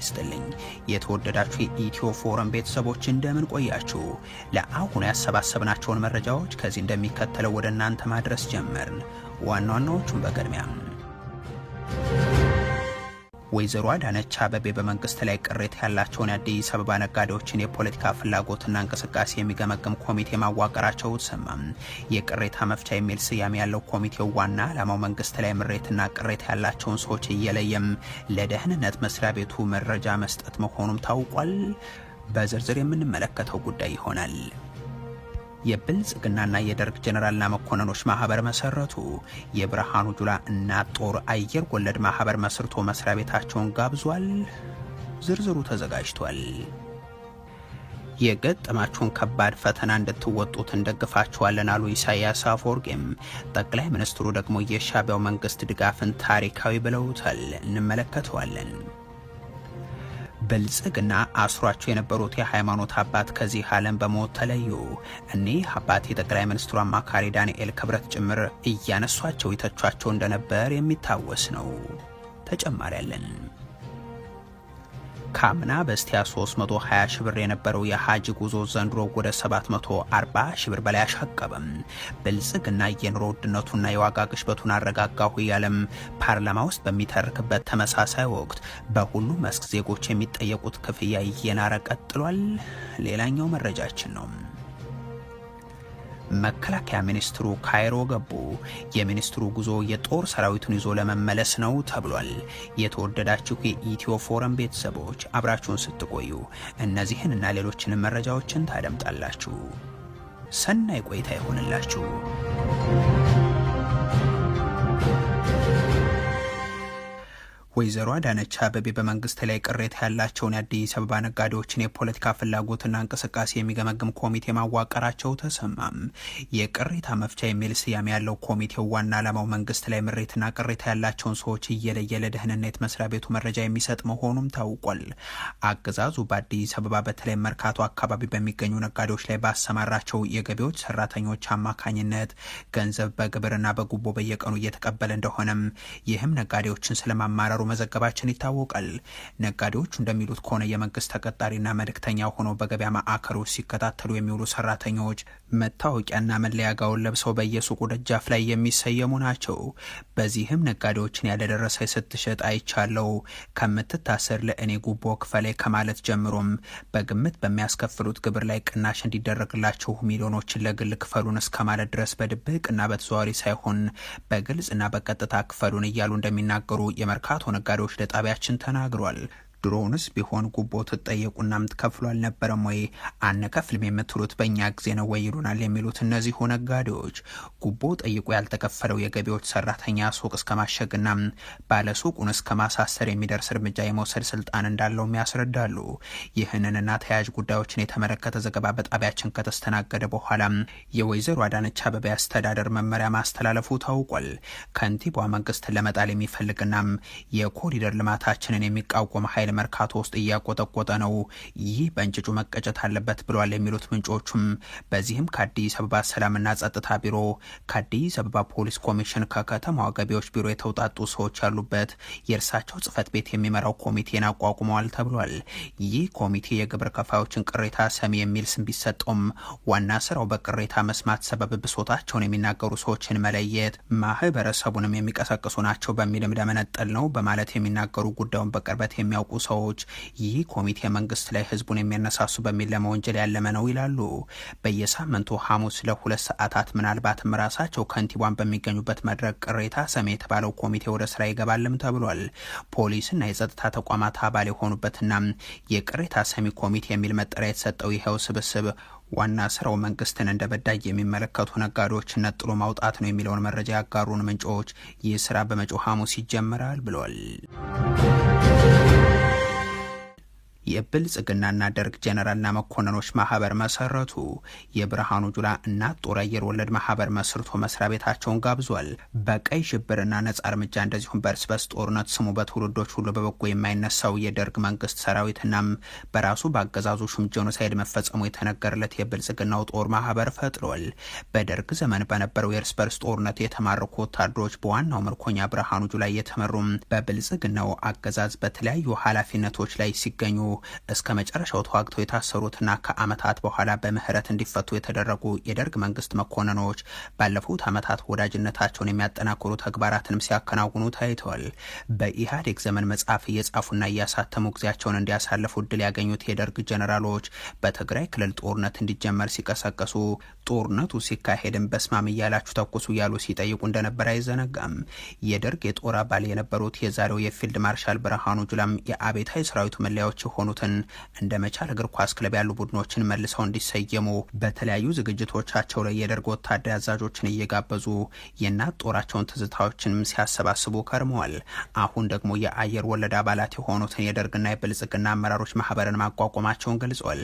ይስጥልኝ። የተወደዳችሁ የኢትዮ ፎረም ቤተሰቦች እንደምን ቆያችሁ? ለአሁኑ ያሰባሰብናቸውን መረጃዎች ከዚህ እንደሚከተለው ወደ እናንተ ማድረስ ጀመርን። ዋና ዋናዎቹን በቅድሚያ ወይዘሮ አዳነች አበቤ በመንግስት ላይ ቅሬታ ያላቸውን የአዲስ አበባ ነጋዴዎችን የፖለቲካ ፍላጎትና እንቅስቃሴ የሚገመግም ኮሚቴ ማዋቀራቸው ተሰማ። የቅሬታ መፍቻ የሚል ስያሜ ያለው ኮሚቴው ዋና ዓላማው መንግስት ላይ ምሬትና ቅሬታ ያላቸውን ሰዎች እየለየም ለደህንነት መስሪያ ቤቱ መረጃ መስጠት መሆኑም ታውቋል። በዝርዝር የምንመለከተው ጉዳይ ይሆናል። የብልጽግናና የደርግ ጀነራልና መኮንኖች ማህበር መሰረቱ። የብርሃኑ ጁላ እናት ጦር አየር ወለድ ማህበር መስርቶ መስሪያ ቤታቸውን ጋብዟል። ዝርዝሩ ተዘጋጅቷል። የገጠማችሁን ከባድ ፈተና እንድትወጡት እንደግፋችኋለን አሉ ኢሳያስ አፈወርቂም። ጠቅላይ ሚኒስትሩ ደግሞ የሻቢያው መንግስት ድጋፍን ታሪካዊ ብለውታል። እንመለከተዋለን። ብልጽግና አስሯቸው የነበሩት የሃይማኖት አባት ከዚህ ዓለም በሞት ተለዩ። እኒህ አባት የጠቅላይ ሚኒስትሩ አማካሪ ዳንኤል ክብረት ጭምር እያነሷቸው ይተቿቸው እንደነበር የሚታወስ ነው። ተጨማሪ ያለን ካምና በስቲያ 320 ሺህ ብር የነበረው የሀጅ ጉዞ ዘንድሮ ወደ 740 ሺህ ብር በላይ አሻቀበም። ብልጽግና የኑሮ ውድነቱና የዋጋ ግሽበቱን አረጋጋሁ እያለም ፓርላማ ውስጥ በሚተርክበት ተመሳሳይ ወቅት በሁሉም መስክ ዜጎች የሚጠየቁት ክፍያ እየናረ ቀጥሏል። ሌላኛው መረጃችን ነው። መከላከያ ሚኒስትሩ ካይሮ ገቡ። የሚኒስትሩ ጉዞ የጦር ሰራዊቱን ይዞ ለመመለስ ነው ተብሏል። የተወደዳችሁ የኢትዮ ፎረም ቤተሰቦች አብራችሁን ስትቆዩ እነዚህን እና ሌሎችንም መረጃዎችን ታደምጣላችሁ። ሰናይ ቆይታ ይሆንላችሁ። ወይዘሮ አዳነች አበቤ በመንግስት ላይ ቅሬታ ያላቸውን የአዲስ አበባ ነጋዴዎችን የፖለቲካ ፍላጎትና እንቅስቃሴ የሚገመግም ኮሚቴ ማዋቀራቸው ተሰማም። የቅሬታ መፍቻ የሚል ስያሜ ያለው ኮሚቴው ዋና ዓላማው መንግስት ላይ ምሬትና ቅሬታ ያላቸውን ሰዎች እየለየ ለደህንነት መስሪያ ቤቱ መረጃ የሚሰጥ መሆኑም ታውቋል። አገዛዙ በአዲስ አበባ በተለይ መርካቶ አካባቢ በሚገኙ ነጋዴዎች ላይ ባሰማራቸው የገቢዎች ሰራተኞች አማካኝነት ገንዘብ በግብርና በጉቦ በየቀኑ እየተቀበለ እንደሆነም ይህም ነጋዴዎችን ስለማማረሩ መዘገባችን ይታወቃል። ነጋዴዎቹ እንደሚሉት ከሆነ የመንግስት ተቀጣሪና መልእክተኛ ሆኖ በገበያ ማዕከሎች ሲከታተሉ የሚውሉ ሰራተኞች መታወቂያና መለያ ጋውን ለብሰው በየሱቁ ደጃፍ ላይ የሚሰየሙ ናቸው። በዚህም ነጋዴዎችን ያለደረሰ ስትሸጥ አይቻለው ከምትታሰር ለእኔ ጉቦ ክፈላይ ከማለት ጀምሮም በግምት በሚያስከፍሉት ግብር ላይ ቅናሽ እንዲደረግላቸው ሚሊዮኖችን ለግል ክፈሉን እስከማለት ድረስ በድብቅ እና በተዘዋዋሪ ሳይሆን በግልጽና በቀጥታ ክፈሉን እያሉ እንደሚናገሩ የመርካቶ ነጋዴዎች ለጣቢያችን ተናግሯል። ድሮውንስ ቢሆን ጉቦ ትጠየቁና ምትከፍሉ አልነበረም ወይ? አንከፍልም የምትሉት በእኛ ጊዜ ነው ወይ ይሉናል የሚሉት እነዚሁ ነጋዴዎች ጉቦ ጠይቆ ያልተከፈለው የገቢዎች ሰራተኛ ሱቅ እስከ ማሸግና ባለሱቁን እስከ ማሳሰር የሚደርስ እርምጃ የመውሰድ ስልጣን እንዳለውም ያስረዳሉ። ይህንንና ተያያዥ ጉዳዮችን የተመለከተ ዘገባ በጣቢያችን ከተስተናገደ በኋላ የወይዘሮ አዳነች አቤቤ አስተዳደር መመሪያ ማስተላለፉ ታውቋል። ከንቲቧ መንግስትን ለመጣል የሚፈልግና የኮሪደር ልማታችንን የሚቃወም ኃይል መርካቶ ውስጥ እያቆጠቆጠ ነው። ይህ በእንጭጩ መቀጨት አለበት ብሏል የሚሉት ምንጮቹም በዚህም ከአዲስ አበባ ሰላምና ጸጥታ ቢሮ፣ ከአዲስ አበባ ፖሊስ ኮሚሽን፣ ከከተማዋ ገቢዎች ቢሮ የተውጣጡ ሰዎች ያሉበት የእርሳቸው ጽህፈት ቤት የሚመራው ኮሚቴን አቋቁመዋል ተብሏል። ይህ ኮሚቴ የግብር ከፋዮችን ቅሬታ ሰሚ የሚል ስም ቢሰጠውም ዋና ስራው በቅሬታ መስማት ሰበብ ብሶታቸውን የሚናገሩ ሰዎችን መለየት፣ ማህበረሰቡንም የሚቀሰቅሱ ናቸው በሚልም ለመነጠል ነው በማለት የሚናገሩ ጉዳዩን በቅርበት የሚያውቁ ሰዎች ይህ ኮሚቴ መንግስት ላይ ህዝቡን የሚያነሳሱ በሚል ለመወንጀል ያለመ ነው ይላሉ። በየሳምንቱ ሐሙስ ለሁለት ሰዓታት ምናልባትም ራሳቸው ከንቲቧን በሚገኙበት መድረክ ቅሬታ ሰሚ የተባለው ኮሚቴ ወደ ስራ ይገባልም ተብሏል። ፖሊስና የጸጥታ ተቋማት አባል የሆኑበትና የቅሬታ ሰሚ ኮሚቴ የሚል መጠሪያ የተሰጠው ይኸው ስብስብ ዋና ስራው መንግስትን እንደ በዳይ የሚመለከቱ ነጋዴዎች ነጥሎ ማውጣት ነው የሚለውን መረጃ ያጋሩን ምንጮች ይህ ስራ በመጪው ሐሙስ ይጀምራል ብሏል። የብልጽግናና ደርግ ጀነራልና መኮንኖች ማህበር መሰረቱ። የብርሃኑ ጁላ እናት ጦር አየር ወለድ ማህበር መስርቶ መስሪያ ቤታቸውን ጋብዟል። በቀይ ሽብርና ነጻ እርምጃ እንደዚሁም በእርስ በርስ ጦርነት ስሙ በትውልዶች ሁሉ በበጎ የማይነሳው የደርግ መንግስት ሰራዊትናም በራሱ በአገዛዙ ሹም ጄኖሳይድ መፈጸሙ የተነገረለት የብልጽግናው ጦር ማህበር ፈጥሯል። በደርግ ዘመን በነበረው የእርስ በርስ ጦርነት የተማረኩ ወታደሮች በዋናው ምርኮኛ ብርሃኑ ጁላ የተመሩም በብልጽግናው አገዛዝ በተለያዩ ኃላፊነቶች ላይ ሲገኙ እስከ መጨረሻው ተዋግተው የታሰሩትና ከዓመታት በኋላ በምህረት እንዲፈቱ የተደረጉ የደርግ መንግስት መኮንኖች ባለፉት አመታት ወዳጅነታቸውን የሚያጠናክሩ ተግባራትንም ሲያከናውኑ ታይተዋል። በኢህአዴግ ዘመን መጽሐፍ እየጻፉና እያሳተሙ ጊዜያቸውን እንዲያሳልፉ እድል ያገኙት የደርግ ጀነራሎች በትግራይ ክልል ጦርነት እንዲጀመር ሲቀሰቀሱ፣ ጦርነቱ ሲካሄድም በስማም እያላችሁ ተኩሱ እያሉ ሲጠይቁ እንደነበር አይዘነጋም። የደርግ የጦር አባል የነበሩት የዛሬው የፊልድ ማርሻል ብርሃኑ ጁላም የአቤታዊ ሰራዊቱ መለያዎች የሆኑ የሆኑትን እንደ መቻል እግር ኳስ ክለብ ያሉ ቡድኖችን መልሰው እንዲሰየሙ በተለያዩ ዝግጅቶቻቸው ላይ የደርግ ወታደር አዛዦችን እየጋበዙ የእናት ጦራቸውን ትዝታዎችንም ሲያሰባስቡ ከርመዋል። አሁን ደግሞ የአየር ወለድ አባላት የሆኑትን የደርግና የብልጽግና አመራሮች ማህበርን ማቋቋማቸውን ገልጿል።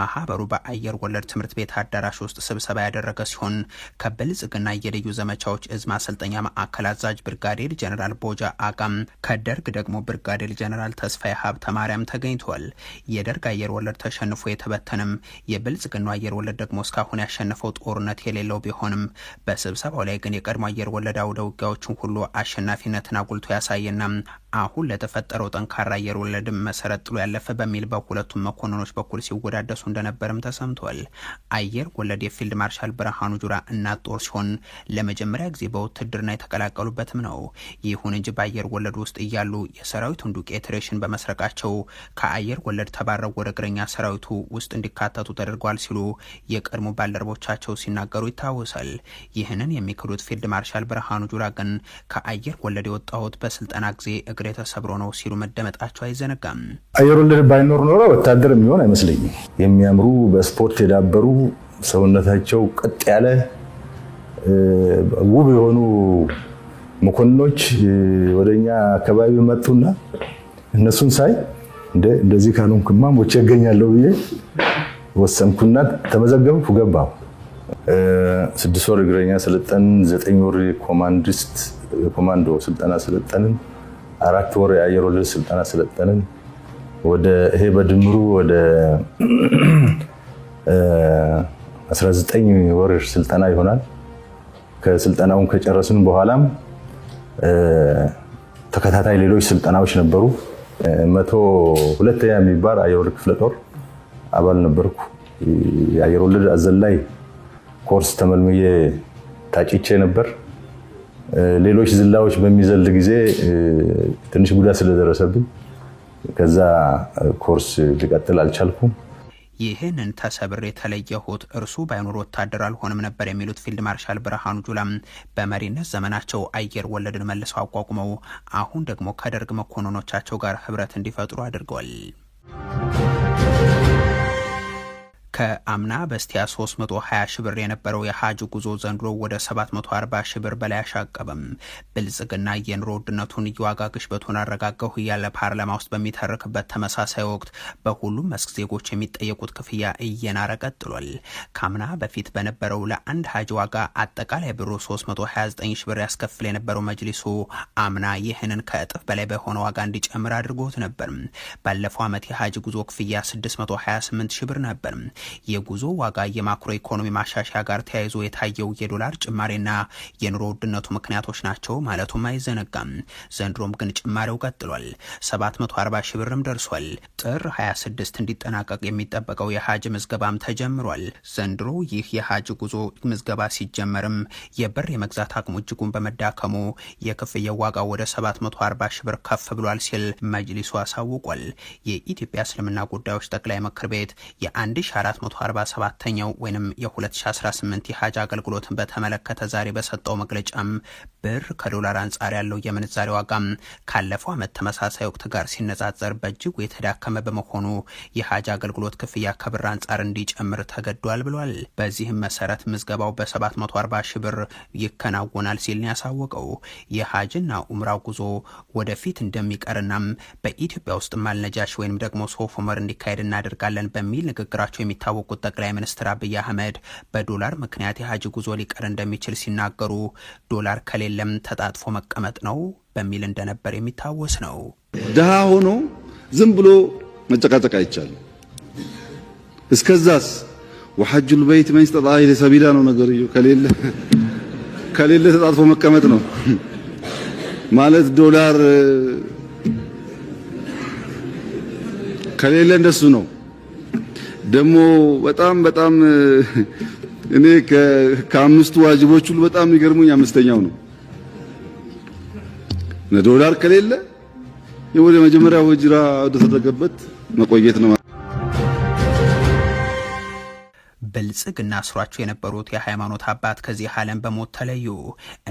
ማህበሩ በአየር ወለድ ትምህርት ቤት አዳራሽ ውስጥ ስብሰባ ያደረገ ሲሆን ከብልጽግና የልዩ ዘመቻዎች እዝ ማሰልጠኛ ማዕከል አዛዥ ብርጋዴር ጀነራል ቦጃ አጋም ከደርግ ደግሞ ብርጋዴር ጀነራል ተስፋዬ ሀብተ ማርያም ተገኝተዋል። ተገኝቷል። የደርግ አየር ወለድ ተሸንፎ የተበተንም የብልጽግና አየር ወለድ ደግሞ እስካሁን ያሸነፈው ጦርነት የሌለው ቢሆንም በስብሰባው ላይ ግን የቀድሞ አየር ወለድ አውደ ውጊያዎችን ሁሉ አሸናፊነትን አጉልቶ ያሳየና አሁን ለተፈጠረው ጠንካራ አየር ወለድ መሰረት ጥሎ ያለፈ በሚል በሁለቱም መኮንኖች በኩል ሲወዳደሱ እንደነበርም ተሰምቷል። አየር ወለድ የፊልድ ማርሻል ብርሃኑ ጁራ እናት ጦር ሲሆን ለመጀመሪያ ጊዜ በውትድርና የተቀላቀሉበትም ነው። ይሁን እንጂ በአየር ወለድ ውስጥ እያሉ የሰራዊቱን ዱቄት ሬሽን በመስረቃቸው አየር ወለድ ተባረው ወደ እግረኛ ሰራዊቱ ውስጥ እንዲካተቱ ተደርጓል ሲሉ የቀድሞ ባልደረቦቻቸው ሲናገሩ ይታወሳል። ይህንን የሚክዱት ፊልድ ማርሻል ብርሃኑ ጁላ ግን ከአየር ወለድ የወጣሁት በስልጠና ጊዜ እግሬ ተሰብሮ ነው ሲሉ መደመጣቸው አይዘነጋም። አየር ወለድ ባይኖር ኖረ ወታደር የሚሆን አይመስለኝም። የሚያምሩ በስፖርት የዳበሩ ሰውነታቸው ቀጥ ያለ ውብ የሆኑ መኮንኖች ወደኛ አካባቢ መጡና እነሱን ሳይ እንደዚህ ካልሆንኩማ ሞቼ እገኛለሁ ብዬ ወሰንኩና ተመዘገብኩ፣ ገባሁ። ስድስት ወር እግረኛ ሰለጠን፣ ዘጠኝ ወር የኮማንዲስት የኮማንዶ ስልጠና ሰለጠንን፣ አራት ወር የአየር ወለድ ስልጠና ሰለጠንን። ወደ ይሄ በድምሩ ወደ 19 ወር ስልጠና ይሆናል። ከስልጠናውን ከጨረስን በኋላም ተከታታይ ሌሎች ስልጠናዎች ነበሩ። መቶ ሁለተኛ የሚባል አየር ወለድ ክፍለ ጦር አባል ነበርኩ። የአየር ወለድ አዘላይ ኮርስ ተመልምዬ ታጭቼ ነበር። ሌሎች ዝላዎች በሚዘል ጊዜ ትንሽ ጉዳት ስለደረሰብኝ ከዛ ኮርስ ሊቀጥል አልቻልኩም። ይህንን ተሰብር የተለየሁት እርሱ ባይኖር ወታደር አልሆንም ነበር የሚሉት ፊልድ ማርሻል ብርሃኑ ጁላ በመሪነት ዘመናቸው አየር ወለድን መልሰው አቋቁመው አሁን ደግሞ ከደርግ መኮንኖቻቸው ጋር ህብረት እንዲፈጥሩ አድርገዋል። ከአምና በስቲያ 320 ሺ ብር የነበረው የሀጅ ጉዞ ዘንድሮ ወደ 740 ሺ ብር በላይ አሻቀበም። ብልጽግና የኑሮ ውድነቱን እየዋጋ ግሽበቱን አረጋገሁ እያለ ፓርላማ ውስጥ በሚተርክበት ተመሳሳይ ወቅት በሁሉም መስክ ዜጎች የሚጠየቁት ክፍያ እየናረ ቀጥሏል። ከአምና በፊት በነበረው ለአንድ ሀጅ ዋጋ አጠቃላይ ብሩ 329 ሺ ብር ያስከፍል የነበረው መጅሊሱ አምና ይህንን ከእጥፍ በላይ በሆነ ዋጋ እንዲጨምር አድርጎት ነበር። ባለፈው ዓመት የሀጅ ጉዞ ክፍያ 628 ሺ ብር ነበር። የጉዞ ዋጋ የማክሮ ኢኮኖሚ ማሻሻያ ጋር ተያይዞ የታየው የዶላር ጭማሬና የኑሮ ውድነቱ ምክንያቶች ናቸው ማለቱም አይዘነጋም። ዘንድሮም ግን ጭማሬው ቀጥሏል። 740 4ሺ ብርም ደርሷል። ጥር 26 እንዲጠናቀቅ የሚጠበቀው የሀጅ ምዝገባም ተጀምሯል። ዘንድሮ ይህ የሀጅ ጉዞ ምዝገባ ሲጀመርም የብር የመግዛት አቅሙ እጅጉን በመዳከሙ የክፍያ ዋጋ ወደ 740 ሺ ብር ከፍ ብሏል ሲል መጅሊሱ አሳውቋል። የኢትዮጵያ እስልምና ጉዳዮች ጠቅላይ ምክር ቤት የ 447ኛው ወይም የ2018 የሀጅ አገልግሎትን በተመለከተ ዛሬ በሰጠው መግለጫም ብር ከዶላር አንጻር ያለው የምንዛሬ ዋጋም ካለፈው ዓመት ተመሳሳይ ወቅት ጋር ሲነጻጸር በእጅጉ የተዳከመ በመሆኑ የሀጅ አገልግሎት ክፍያ ከብር አንጻር እንዲጨምር ተገዷል ብሏል። በዚህም መሰረት ምዝገባው በ740 ሺ ብር ይከናወናል ሲል ያሳወቀው የሀጅና ኡምራ ጉዞ ወደፊት እንደሚቀርናም በኢትዮጵያ ውስጥ ማልነጃሽ ወይም ደግሞ ሶፍ እንዲካሄድ እናደርጋለን በሚል ንግግራቸው የሚ የሚታወቁት ጠቅላይ ሚኒስትር አብይ አህመድ በዶላር ምክንያት የሀጂ ጉዞ ሊቀር እንደሚችል ሲናገሩ ዶላር ከሌለም ተጣጥፎ መቀመጥ ነው በሚል እንደነበር የሚታወስ ነው። ድሃ ሆኖ ዝም ብሎ መጨቃጨቅ አይቻልም። እስከዛስ ወሐጁል በይት መን ስተጣዐ ኢለይሂ ሰቢላ ነው ነገርዩ። ከሌለ ከሌለ ተጣጥፎ መቀመጥ ነው ማለት ዶላር ከሌለ እንደሱ ነው። ደግሞ በጣም በጣም እኔ ከአምስቱ ዋጅቦች ሁሉ በጣም የሚገርሙኝ አምስተኛው ነው። ዶላር ከሌለ የወደ መጀመሪያ ወጅራ ወደ ተደረገበት መቆየት ነው። ብልጽግና ስሯቸው የነበሩት የሃይማኖት አባት ከዚህ ዓለም በሞት ተለዩ።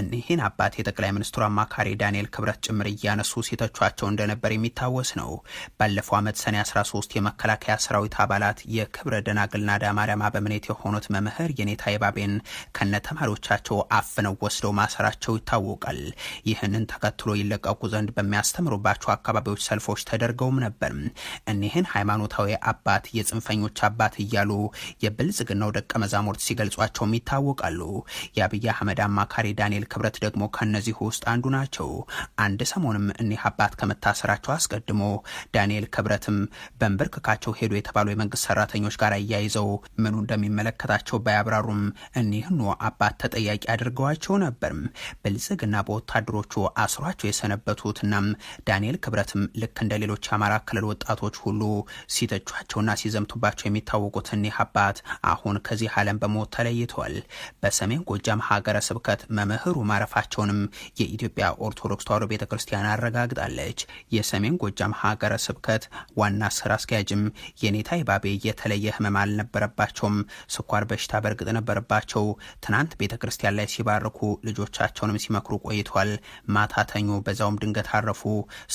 እኒህን አባት የጠቅላይ ሚኒስትሩ አማካሪ ዳንኤል ክብረት ጭምር እያነሱ ሲተቿቸው እንደነበር የሚታወስ ነው። ባለፈው ዓመት ሰኔ 13 የመከላከያ ሰራዊት አባላት የክብረ ደናግልና ዳማዳማ በምኔት የሆኑት መምህር የኔታ ይባቤን ከነ ተማሪዎቻቸው አፍነው ወስደው ማሰራቸው ይታወቃል። ይህንን ተከትሎ ይለቀቁ ዘንድ በሚያስተምሩባቸው አካባቢዎች ሰልፎች ተደርገውም ነበር። እኒህን ሃይማኖታዊ አባት የጽንፈኞች አባት እያሉ የብልጽግ ነው ደቀ መዛሙርት ሲገልጿቸውም ይታወቃሉ። የአብይ አህመድ አማካሪ ዳንኤል ክብረት ደግሞ ከእነዚህ ውስጥ አንዱ ናቸው። አንድ ሰሞንም እኒህ አባት ከመታሰራቸው አስቀድሞ ዳንኤል ክብረትም በንብርክካቸው ሄዱ የተባሉ የመንግስት ሰራተኞች ጋር እያይዘው ምኑ እንደሚመለከታቸው ባያብራሩም እኒህኑ አባት ተጠያቂ አድርገዋቸው ነበርም። ብልጽግና በወታደሮቹ አስሯቸው የሰነበቱት ዳንኤል ክብረትም ልክ እንደ ሌሎች የአማራ ክልል ወጣቶች ሁሉ ሲተቿቸውና ሲዘምቱባቸው የሚታወቁት እኒህ አባት አሁን አሁን ከዚህ ዓለም በሞት ተለይቷል። በሰሜን ጎጃም ሀገረ ስብከት መምህሩ ማረፋቸውንም የኢትዮጵያ ኦርቶዶክስ ተዋሕዶ ቤተ ክርስቲያን አረጋግጣለች። የሰሜን ጎጃም ሀገረ ስብከት ዋና ስራ አስኪያጅም የኔታ ይባቤ የተለየ ህመም አልነበረባቸውም፣ ስኳር በሽታ በእርግጥ ነበረባቸው። ትናንት ቤተ ክርስቲያን ላይ ሲባርኩ ልጆቻቸውንም ሲመክሩ ቆይቷል። ማታተኙ በዛውም ድንገት አረፉ።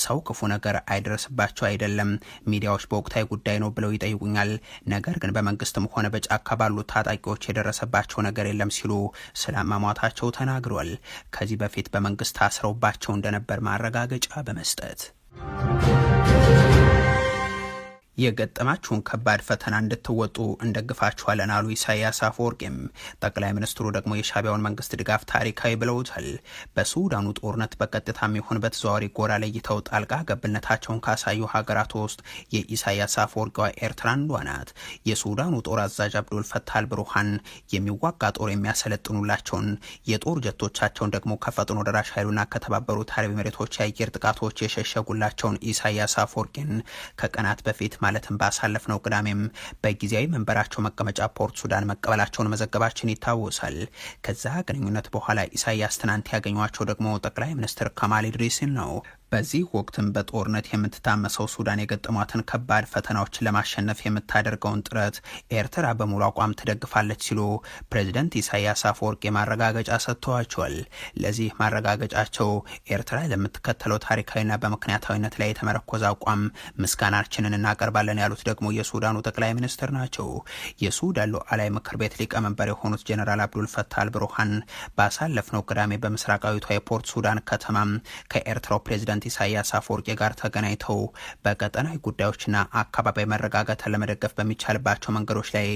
ሰው ክፉ ነገር አይደርስባቸው አይደለም ሚዲያዎች በወቅታዊ ጉዳይ ነው ብለው ይጠይቁኛል። ነገር ግን በመንግስትም ሆነ በጫካ ባሉት ታጣቂዎች የደረሰባቸው ነገር የለም ሲሉ ስለ አሟሟታቸው ተናግሯል። ከዚህ በፊት በመንግስት አስረውባቸው እንደነበር ማረጋገጫ በመስጠት የገጠማችሁን ከባድ ፈተና እንድትወጡ እንደግፋችኋለን አሉ ኢሳያስ አፈወርቂም። ጠቅላይ ሚኒስትሩ ደግሞ የሻቢያውን መንግስት ድጋፍ ታሪካዊ ብለውታል። በሱዳኑ ጦርነት በቀጥታም ይሁን በተዘዋዋሪ ጎራ ለይተው ጣልቃ ገብነታቸውን ካሳዩ ሀገራት ውስጥ የኢሳያስ አፈወርቂዋ ኤርትራ አንዷ ናት። የሱዳኑ ጦር አዛዥ አብዱል ፈታል ብሩሃን የሚዋጋ ጦር የሚያሰለጥኑላቸውን የጦር ጀቶቻቸውን ደግሞ ከፈጥኖ ደራሽ ኃይሉና ከተባበሩት አረብ ኤሚሬቶች የአየር ጥቃቶች የሸሸጉላቸውን ኢሳያስ አፈወርቂን ከቀናት በፊት ማለትም ነው ቅዳሜም በጊዜያዊ መንበራቸው መቀመጫ ፖርት ሱዳን መቀበላቸውን መዘገባችን ይታወሳል። ከዛ ግንኙነት በኋላ ኢሳያስ ትናንት ያገኟቸው ደግሞ ጠቅላይ ሚኒስትር ከማል ኢድሪስን ነው። በዚህ ወቅትም በጦርነት የምትታመሰው ሱዳን የገጠሟትን ከባድ ፈተናዎችን ለማሸነፍ የምታደርገውን ጥረት ኤርትራ በሙሉ አቋም ትደግፋለች ሲሉ ፕሬዚደንት ኢሳያስ አፈወርቅ ማረጋገጫ ሰጥተዋቸዋል። ለዚህ ማረጋገጫቸው ኤርትራ ለምትከተለው ታሪካዊና በምክንያታዊነት ላይ የተመረኮዘ አቋም ምስጋናችንን እናቀርባለን ያሉት ደግሞ የሱዳኑ ጠቅላይ ሚኒስትር ናቸው። የሱዳን ሉዓላዊ ምክር ቤት ሊቀመንበር የሆኑት ጀኔራል አብዱልፈታህ አልብሩሃን ባሳለፍነው ቅዳሜ በምስራቃዊቷ የፖርት ሱዳን ከተማ ከኤርትራው ፕሬዚደንት ፕሬዝዳንት ኢሳያስ አፈወርቂ ጋር ተገናኝተው በቀጠናዊ ጉዳዮችና አካባቢያዊ መረጋጋትን ለመደገፍ በሚቻልባቸው መንገዶች ላይ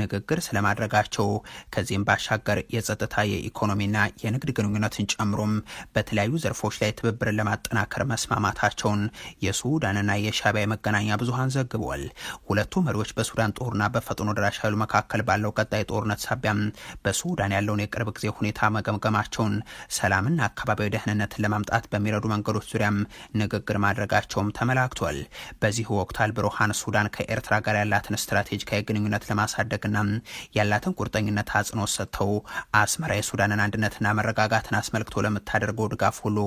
ንግግር ስለማድረጋቸው ከዚህም ባሻገር የጸጥታ የኢኮኖሚና የንግድ ግንኙነትን ጨምሮም በተለያዩ ዘርፎች ላይ ትብብርን ለማጠናከር መስማማታቸውን የሱዳንና የሻቢያ መገናኛ ብዙሀን ዘግቧል። ሁለቱ መሪዎች በሱዳን ጦርና በፈጥኖ ደራሽ ኃይሉ መካከል ባለው ቀጣይ ጦርነት ሳቢያም በሱዳን ያለውን የቅርብ ጊዜ ሁኔታ መገምገማቸውን ሰላምና አካባቢያዊ ደህንነትን ለማምጣት በሚረዱ መንገዶች ዙሪያ ዙሪያም ንግግር ማድረጋቸውም ተመላክቷል። በዚህ ወቅት አልብሩሃን ሱዳን ከኤርትራ ጋር ያላትን ስትራቴጂካዊ ግንኙነት ለማሳደግና ያላትን ቁርጠኝነት አጽንኦት ሰጥተው አስመራ የሱዳንን አንድነትና መረጋጋትን አስመልክቶ ለምታደርገው ድጋፍ ሁሉ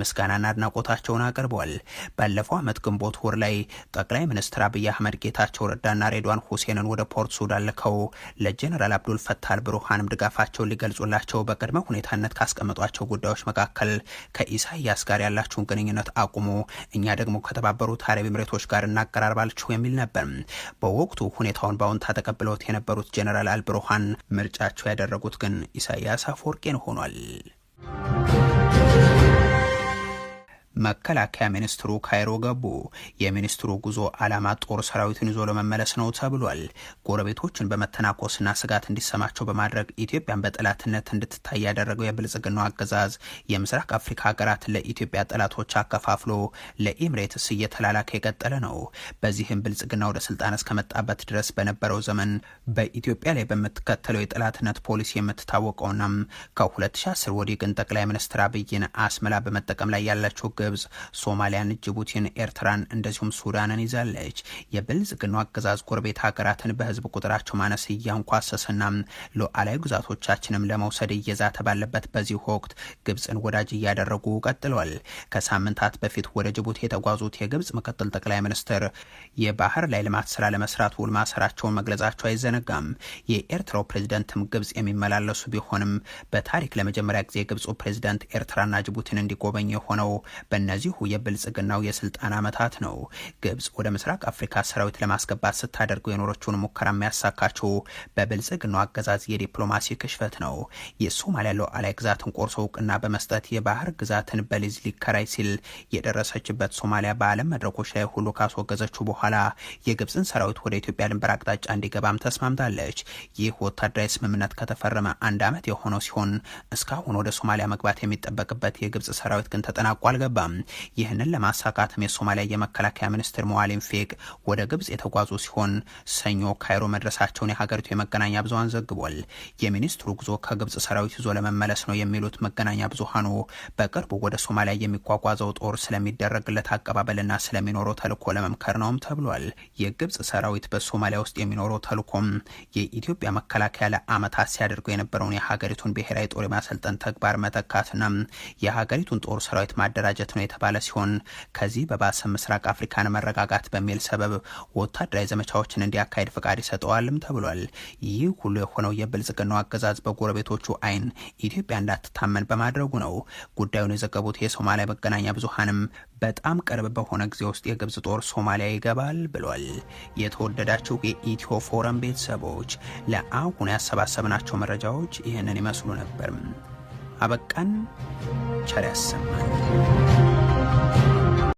ምስጋናና አድናቆታቸውን አቅርበዋል። ባለፈው ዓመት ግንቦት ወር ላይ ጠቅላይ ሚኒስትር አብይ አህመድ ጌታቸው ረዳና ሬድዋን ሁሴንን ወደ ፖርት ሱዳን ልከው ለጀኔራል አብዱል ፈታህ አልብሩሃንም ድጋፋቸውን ሊገልጹላቸው በቅድመ ሁኔታነት ካስቀመጧቸው ጉዳዮች መካከል ከኢሳያስ ጋር ያላችሁን ግንኙነት ግንኙነት አቁሙ፣ እኛ ደግሞ ከተባበሩት አረብ ኤምሬቶች ጋር እናቀራርባልችሁ የሚል ነበር። በወቅቱ ሁኔታውን በአዎንታ ተቀብለውት የነበሩት ጀኔራል አልብሩሃን ምርጫቸው ያደረጉት ግን ኢሳያስ አፈወርቄን ሆኗል። መከላከያ ሚኒስትሩ ካይሮ ገቡ። የሚኒስትሩ ጉዞ ዓላማ ጦር ሰራዊትን ይዞ ለመመለስ ነው ተብሏል። ጎረቤቶችን በመተናኮስና ስጋት እንዲሰማቸው በማድረግ ኢትዮጵያን በጠላትነት እንድትታይ ያደረገው የብልጽግናው አገዛዝ የምስራቅ አፍሪካ ሀገራትን ለኢትዮጵያ ጠላቶች አከፋፍሎ ለኤምሬትስ እየተላላከ የቀጠለ ነው። በዚህም ብልጽግና ወደ ስልጣን እስከመጣበት ድረስ በነበረው ዘመን በኢትዮጵያ ላይ በምትከተለው የጠላትነት ፖሊሲ የምትታወቀውና ከ2010 ወዲህ ግን ጠቅላይ ሚኒስትር አብይን አስመላ በመጠቀም ላይ ያላቸው ግብጽ ሶማሊያን፣ ጅቡቲን፣ ኤርትራን እንደዚሁም ሱዳንን ይዛለች። የብልጽግናው አገዛዝ ጎረቤት ሀገራትን በህዝብ ቁጥራቸው ማነስ እያንኳሰስና ሉዓላዊ ግዛቶቻችንም ለመውሰድ እየዛተ ባለበት በዚህ ወቅት ግብጽን ወዳጅ እያደረጉ ቀጥለዋል። ከሳምንታት በፊት ወደ ጅቡቲ የተጓዙት የግብጽ ምክትል ጠቅላይ ሚኒስትር የባህር ላይ ልማት ስራ ለመስራት ውል ማሰራቸውን መግለጻቸው አይዘነጋም። የኤርትራው ፕሬዚደንትም ግብጽ የሚመላለሱ ቢሆንም በታሪክ ለመጀመሪያ ጊዜ የግብፁ ፕሬዚደንት ኤርትራና ጅቡቲን እንዲጎበኝ የሆነው በእነዚሁ የብልጽግናው የስልጣን ዓመታት ነው ግብጽ ወደ ምስራቅ አፍሪካ ሰራዊት ለማስገባት ስታደርገው የኖረችውን ሙከራ የሚያሳካችው በብልጽግናው አገዛዝ የዲፕሎማሲ ክሽፈት ነው። የሶማሊያ ሉዓላዊ ግዛትን ቆርሶ እውቅና በመስጠት የባህር ግዛትን በሊዝ ሊከራይ ሲል የደረሰችበት ሶማሊያ በዓለም መድረኮች ላይ ሁሉ ካስወገዘችው በኋላ የግብፅን ሰራዊት ወደ ኢትዮጵያ ድንበር አቅጣጫ እንዲገባም ተስማምታለች። ይህ ወታደራዊ ስምምነት ከተፈረመ አንድ ዓመት የሆነው ሲሆን እስካሁን ወደ ሶማሊያ መግባት የሚጠበቅበት የግብፅ ሰራዊት ግን ተጠናቋል አልገባ አይገባም። ይህንን ለማሳካትም የሶማሊያ የመከላከያ ሚኒስትር ሞዓሊም ፌቅ ወደ ግብጽ የተጓዙ ሲሆን ሰኞ ካይሮ መድረሳቸውን የሀገሪቱ የመገናኛ ብዙሀን ዘግቧል። የሚኒስትሩ ጉዞ ከግብጽ ሰራዊት ይዞ ለመመለስ ነው የሚሉት መገናኛ ብዙሀኑ በቅርቡ ወደ ሶማሊያ የሚጓጓዘው ጦር ስለሚደረግለት አቀባበልና ስለሚኖረው ተልኮ ለመምከር ነውም ተብሏል። የግብጽ ሰራዊት በሶማሊያ ውስጥ የሚኖረው ተልኮም የኢትዮጵያ መከላከያ ለአመታት ሲያደርገው የነበረውን የሀገሪቱን ብሔራዊ ጦር የማሰልጠን ተግባር መተካትና የሀገሪቱን ጦር ሰራዊት ማደራጀት ማለት ነው የተባለ ሲሆን ከዚህ በባሰ ምስራቅ አፍሪካን መረጋጋት በሚል ሰበብ ወታደራዊ ዘመቻዎችን እንዲያካሄድ ፈቃድ ይሰጠዋልም ተብሏል። ይህ ሁሉ የሆነው የብልጽግናው አገዛዝ በጎረቤቶቹ አይን ኢትዮጵያ እንዳትታመን በማድረጉ ነው። ጉዳዩን የዘገቡት የሶማሊያ መገናኛ ብዙሃንም በጣም ቅርብ በሆነ ጊዜ ውስጥ የግብጽ ጦር ሶማሊያ ይገባል ብሏል። የተወደዳችሁ የኢትዮ ፎረም ቤተሰቦች ለአሁን ያሰባሰብናቸው መረጃዎች ይህንን ይመስሉ ነበር። አበቃን። ቸር ያሰማል።